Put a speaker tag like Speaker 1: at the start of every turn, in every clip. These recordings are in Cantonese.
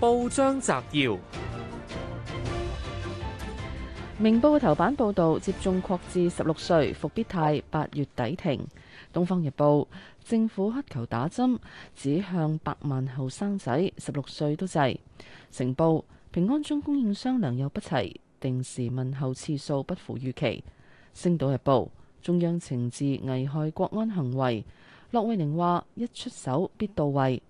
Speaker 1: 報章摘要：明報頭版報道，接種擴至十六歲，復必泰八月底停。東方日報，政府乞求打針，指向百萬後生仔，十六歲都制。成報，平安鐘供應商良莠不齊，定時問候次數不符預期。星島日報，中央懲治危害國安行為，駱惠寧話一出手必到位。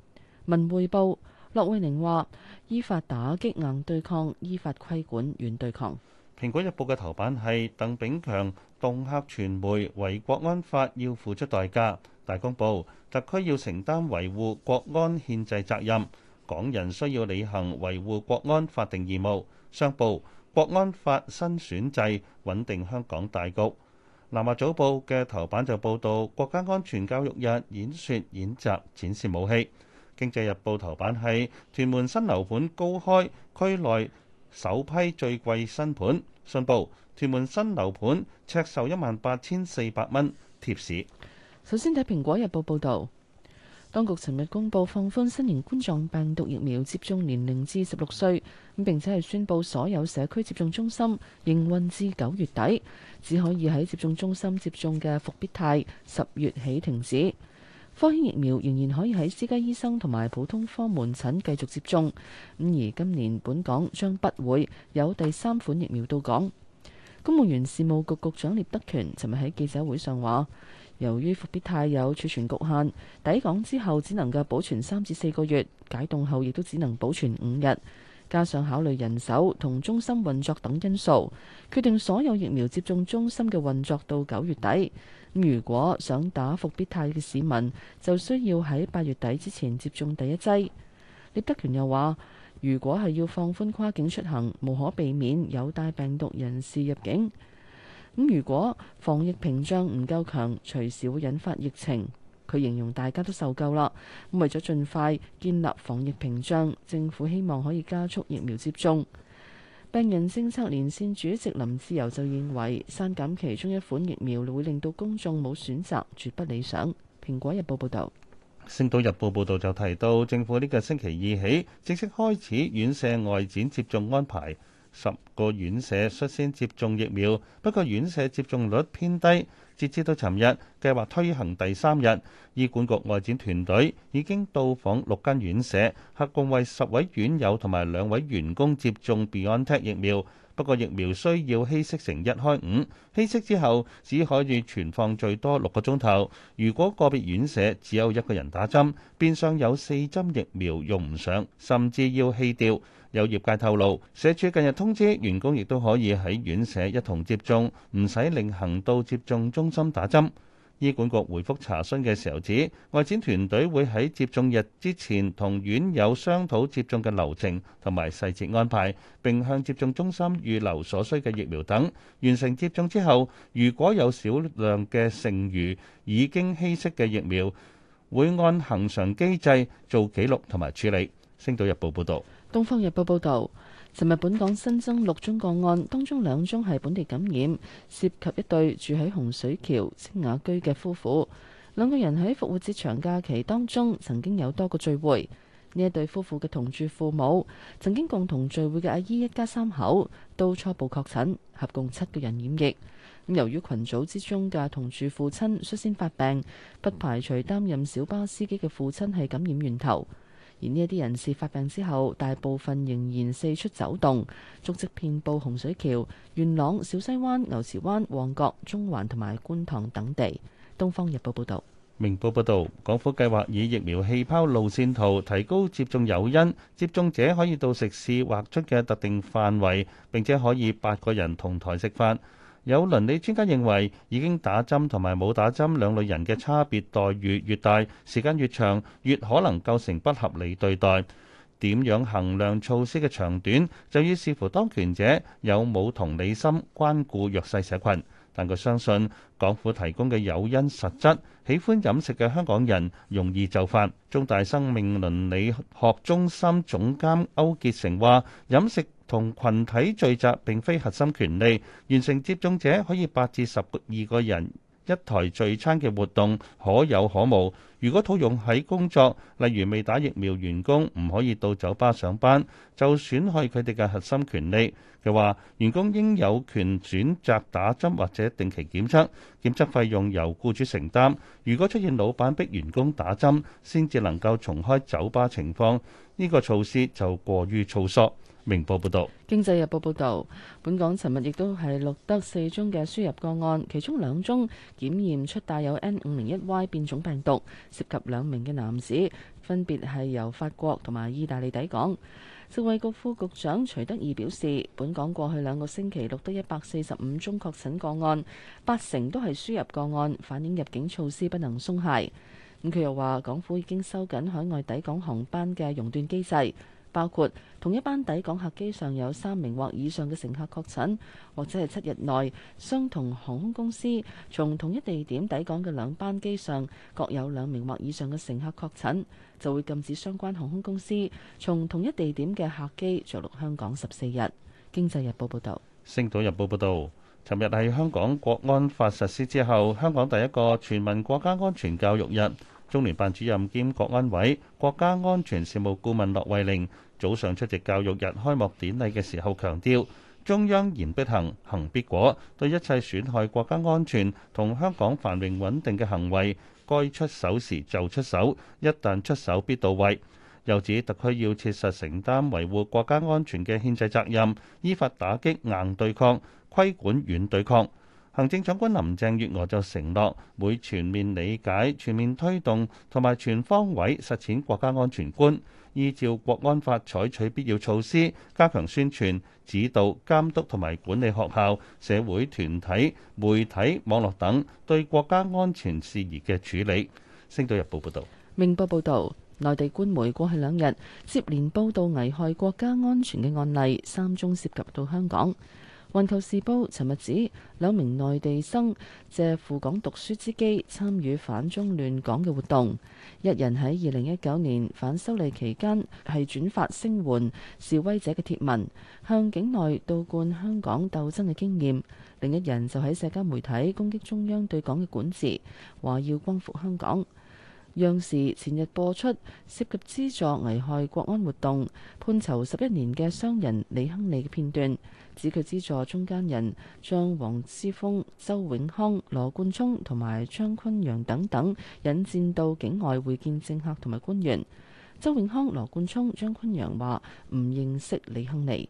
Speaker 1: 文匯報。駱惠寧話：依法打擊硬對抗，依法規管軟對抗。
Speaker 2: 《蘋果日報》嘅頭版係鄧炳強恫嚇傳媒，違國安法要付出代價。《大公報》特區要承擔維護國安憲制責任，港人需要履行維護國安法定義務。《商報》國安法新選制穩定香港大局。《南華早報》嘅頭版就報導國家安全教育日演說演習展示武器。《經濟日報》頭版係屯門新樓盤高開，區內首批最貴新盤。信報，屯門新樓盤呎售一萬八千四百蚊貼士。首先睇《蘋果日報》報
Speaker 1: 導，當局尋日公布放寬新型冠狀病毒疫苗接種年齡至十六歲，咁並且係宣布所有社區接種中心營運至九月底，只可以喺接種中心接種嘅復必泰，十月起停止。科興疫苗仍然可以喺私家醫生同埋普通科門診繼續接種，咁而今年本港將不會有第三款疫苗到港。公務員事務局局長聶德權尋日喺記者會上話，由於復必泰有儲存局限，抵港之後只能夠保存三至四個月，解凍後亦都只能保存五日，加上考慮人手同中心運作等因素，決定所有疫苗接種中心嘅運作到九月底。咁如果想打復必泰嘅市民，就需要喺八月底之前接種第一劑。聶德權又話，如果係要放寬跨境出行，無可避免有帶病毒人士入境。咁如果防疫屏障唔夠強，隨時會引發疫情。佢形容大家都受夠啦。咁為咗盡快建立防疫屏障，政府希望可以加速疫苗接種。病人政策連線主席林志柔就認為，刪減其中一款疫苗會令到公眾冇選擇，絕不理想。《蘋果日報》
Speaker 2: 報道，《星島日報》報道就提到，政府呢個星期二起正式開始院舍外展接種安排。十個院舍率先接種疫苗，不過院舍接種率偏低。截至到尋日，計劃推行第三日，醫管局外展團隊已經到訪六間院舍，合共為十位院友同埋兩位員工接種 Biontech 疫苗。不過疫苗需要稀釋成一開五，稀釋之後只可以存放最多六個鐘頭。如果個別院舍只有一個人打針，變相有四針疫苗用唔上，甚至要棄掉。有業界透露，社署近日通知員工，亦都可以喺院舍一同接種，唔使另行到接種中心打針。醫管局回覆查詢嘅時候指，外展團隊會喺接種日之前同院友商討接種嘅流程同埋細節安排，並向接種中心預留所需嘅疫苗等。完成接種之後，如果有少量嘅剩餘已經稀釋嘅疫苗，會按恒常機制做記錄同埋處理。星島日報報導。
Speaker 1: 《東方日報》報道，尋日本港新增六宗個案，當中兩宗係本地感染，涉及一對住喺洪水橋清雅居嘅夫婦。兩個人喺復活節長假期當中曾經有多個聚會。呢一對夫婦嘅同住父母，曾經共同聚會嘅阿姨一家三口都初步確診，合共七個人染疫。咁由於群組之中嘅同住父親率先發病，不排除擔任小巴司機嘅父親係感染源頭。而呢一啲人士發病之後，大部分仍然四出走動，足跡遍佈洪水橋、元朗、小西灣、牛池灣、旺角、中環同埋觀塘等地。《東方日報》報道。
Speaker 2: 《明報》報道，港府計劃以疫苗氣泡路線圖提高接種誘因，接種者可以到食肆劃出嘅特定範圍，並且可以八個人同台食飯。有倫理專家認為，已經打針同埋冇打針兩類人嘅差別待遇越，越大，時間越長，越可能構成不合理對待。點樣衡量措施嘅長短，就要視乎當權者有冇同理心關顧弱勢社群。但佢相信，港府提供嘅誘因實質，喜歡飲食嘅香港人容易就範。中大生命倫理學中心總監區結成話：，飲食。同群體聚集並非核心權利，完成接種者可以八至十二個人一枱聚餐嘅活動，可有可無。如果套用喺工作，例如未打疫苗員工唔可以到酒吧上班，就損害佢哋嘅核心權利。佢話：員工應有權選擇打針或者定期檢測，檢測費用由僱主承擔。如果出現老闆逼員工打針先至能夠重開酒吧情況，呢個措施就過於粗疏。明報報導，
Speaker 1: 《經濟日報》報導，本港尋日亦都係錄得四宗嘅輸入個案，其中兩宗檢驗出帶有 N501Y 變種病毒，涉及兩名嘅男子，分別係由法國同埋意大利抵港。食衞局副局長徐德義表示，本港過去兩個星期錄得一百四十五宗確診個案，八成都係輸入個案，反映入境措施不能鬆懈。咁、嗯、佢又話，港府已經收緊海外抵港航班嘅熔斷機制。包括同一班抵港客機上有三名或以上嘅乘客確診，或者係七日內相同航空公司從同一地點抵港嘅兩班機上各有兩名或以上嘅乘客確診，就會禁止相關航空公司從同一地點嘅客機著陸香港十四日。經濟日報報道，
Speaker 2: 星島日報報道，尋日係香港國安法實施之後，香港第一個全民國家安全教育日。中聯辦主任兼國安委國家安全事務顧問駱惠寧早上出席教育日開幕典禮嘅時候強調，中央言必行，行必果，對一切損害國家安全同香港繁榮穩定嘅行為，該出手時就出手，一旦出手必到位。又指特區要切實承擔維護國家安全嘅憲制責任，依法打擊硬對抗、規管軟對抗。行政長官林鄭月娥就承諾會全面理解、全面推動同埋全方位實踐國家安全觀，依照國安法採取必要措施，加強宣傳、指導、監督同埋管理學校、社會團體、媒體、網絡等對國家安全事宜嘅處理。星島日報報道。
Speaker 1: 明報報道，內地官媒過去兩日接連報道危害國家安全嘅案例，三宗涉及到香港。環球時報尋日指兩名內地生借赴港讀書之機參與反中亂港嘅活動，一人喺二零一九年反修例期間係轉發聲援示威者嘅貼文，向境內倒灌香港鬥爭嘅經驗；另一人就喺社交媒體攻擊中央對港嘅管治，話要光復香港。央視前日播出涉及資助危害國安活動、判囚十一年嘅商人李亨利嘅片段，指佢資助中間人將黃之鋒、周永康、羅冠聰同埋張坤陽等等引薦到境外會見政客同埋官員。周永康、羅冠聰、張坤陽話唔認識李亨利。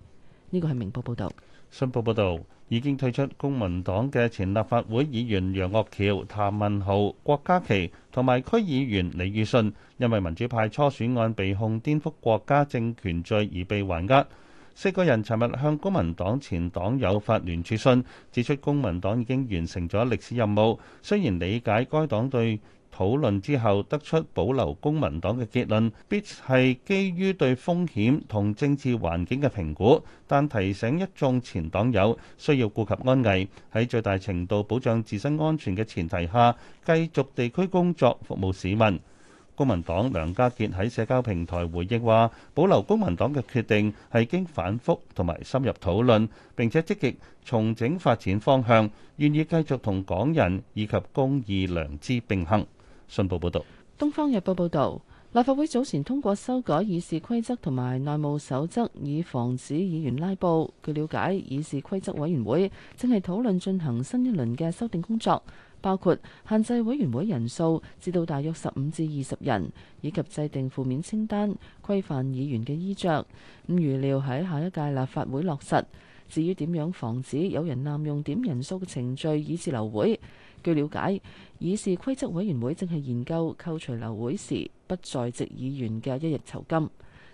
Speaker 1: 呢個係明報報道，
Speaker 2: 信報報道。已經退出公民黨嘅前立法會議員楊岳橋、譚文豪、郭家麒，同埋區議員李宇信，因為民主派初選案被控顛覆國家政權罪而被還押。四個人尋日向公民黨前黨友發聯署信，指出公民黨已經完成咗歷史任務，雖然理解該黨對討論之後得出保留公民黨嘅結論，必係基於對風險同政治環境嘅評估。但提醒一眾前黨友需要顧及安危，喺最大程度保障自身安全嘅前提下，繼續地區工作服務市民。公民黨梁家傑喺社交平台回憶話：保留公民黨嘅決定係經反覆同埋深入討論，並且積極重整發展方向，願意繼續同港人以及公義良知並行。新報報導，《東
Speaker 1: 方日報》報導，立法會早前通過修改議事規則同埋內務守則，以防止議員拉布。據了解，議事規則委員會正係討論進行新一輪嘅修訂工作，包括限制委員會人數至到大約十五至二十人，以及制定負面清單規範議員嘅衣着。咁預料喺下一屆立法會落實。至於點樣防止有人濫用點人數嘅程序以致流會？據了解，議事規則委員會正係研究扣除流會時不在席議員嘅一日酬金。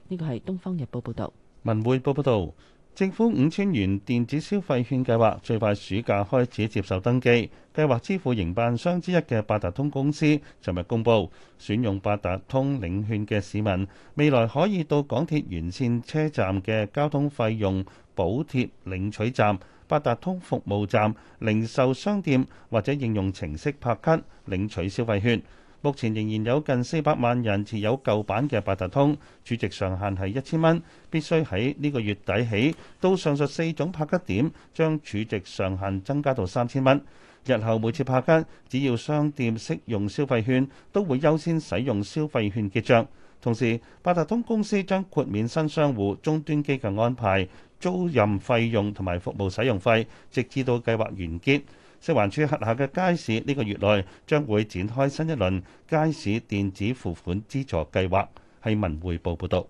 Speaker 1: 呢個係《東方日報》報導，
Speaker 2: 《文匯報》報導，政府五千元電子消費券計劃最快暑假開始接受登記。計劃支付營辦商之一嘅八達通公司，尋日公布，選用八達通領券嘅市民，未來可以到港鐵沿線車站嘅交通費用補貼領取站、八達通服務站、零售商店或者應用程式拍卡領取消費券。目前仍然有近四百萬人持有舊版嘅八達通，儲值上限係一千蚊，必須喺呢個月底起到上述四種拍卡點，將儲值上限增加到三千蚊。日後每次拍卡，只要商店適用消費券，都會優先使用消費券結帳。同時，八達通公司將豁免新商戶終端機嘅安排租賃費用同埋服務使用費，直至到計劃完結。食環署轄下嘅街市呢個月內將會展開新一輪街市電子付款資助計劃。係文匯報報道。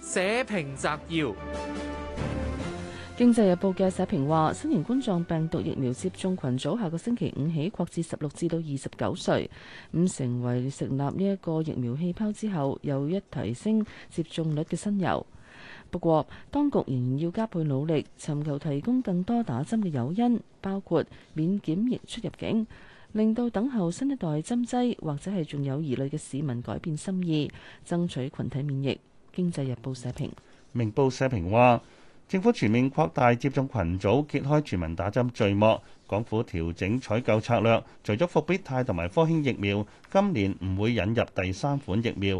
Speaker 2: 社評摘要。
Speaker 1: 經濟日報嘅社評話：新型冠狀病毒疫苗接種群組下個星期五起擴至十六至到二十九歲，咁成為成立呢一個疫苗氣泡之後又一提升接種率嘅新油。不過，當局仍然要加倍努力，尋求提供更多打針嘅誘因，包括免檢疫出入境，令到等候新一代針劑或者係仲有疑慮嘅市民改變心意，爭取群體免疫。經濟日報社評，
Speaker 2: 明報社評話。政府全面擴大接種群組，揭開全民打針序幕。港府調整採購策略，除咗復必泰同埋科興疫苗，今年唔會引入第三款疫苗。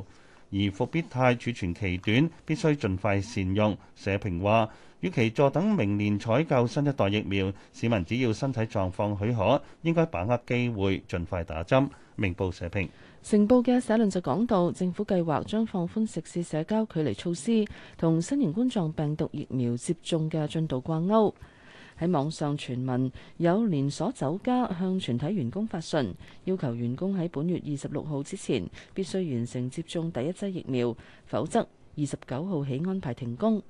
Speaker 2: 而復必泰儲存期短，必須盡快善用。社評話，與其坐等明年採購新一代疫苗，市民只要身體狀況許可，應該把握機會盡快打針。明報社評。
Speaker 1: 成報嘅社論就講到，政府計劃將放寬食肆社交距離措施，同新型冠狀病毒疫苗接種嘅進度掛鈎。喺網上傳聞，有連鎖酒家向全體員工發信，要求員工喺本月二十六號之前必須完成接種第一劑疫苗，否則二十九號起安排停工。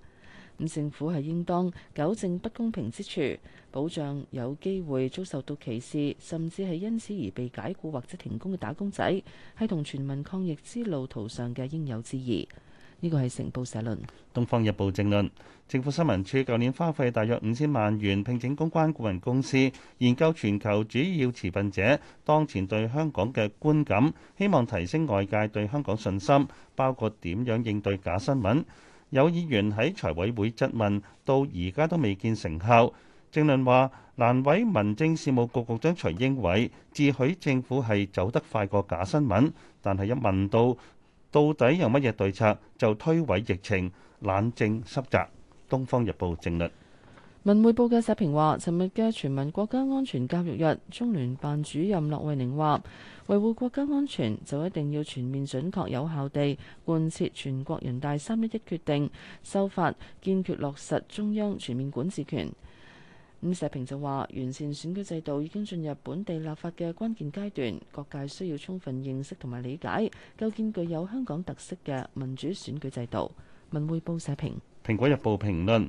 Speaker 1: 咁政府係應當糾正不公平之處，保障有機會遭受到歧視，甚至係因此而被解雇或者停工嘅打工仔，係同全民抗疫之路途
Speaker 2: 上嘅應有之義。呢個係《成報社論》，《東方日報》正論。政府新聞處舊年花費大約五千萬元，聘請公關顧問公司研究全球主要持份者當前對香港嘅觀感，希望提升外界對香港信心，包括點樣應對假新聞。有議員喺財委會質問，到而家都未見成效。正論話，難為民政事務局局長徐英偉自詡政府係走得快過假新聞，但係一問到到底有乜嘢對策，就推諉疫情冷靜濕雜。《東方日報》正論。
Speaker 1: 文匯報嘅社評話，尋日嘅全民國家安全教育日，中聯辦主任駱惠寧話，維護國家安全就一定要全面、準確、有效地貫徹全國人大三一一決定、修法，堅決落實中央全面管治權。咁，社評就話，完善選舉制度已經進入本地立法嘅關鍵階段，各界需要充分認識同埋理解，構建具有香港特色嘅民主選舉制度。文匯報社評。
Speaker 2: 蘋果日報評論。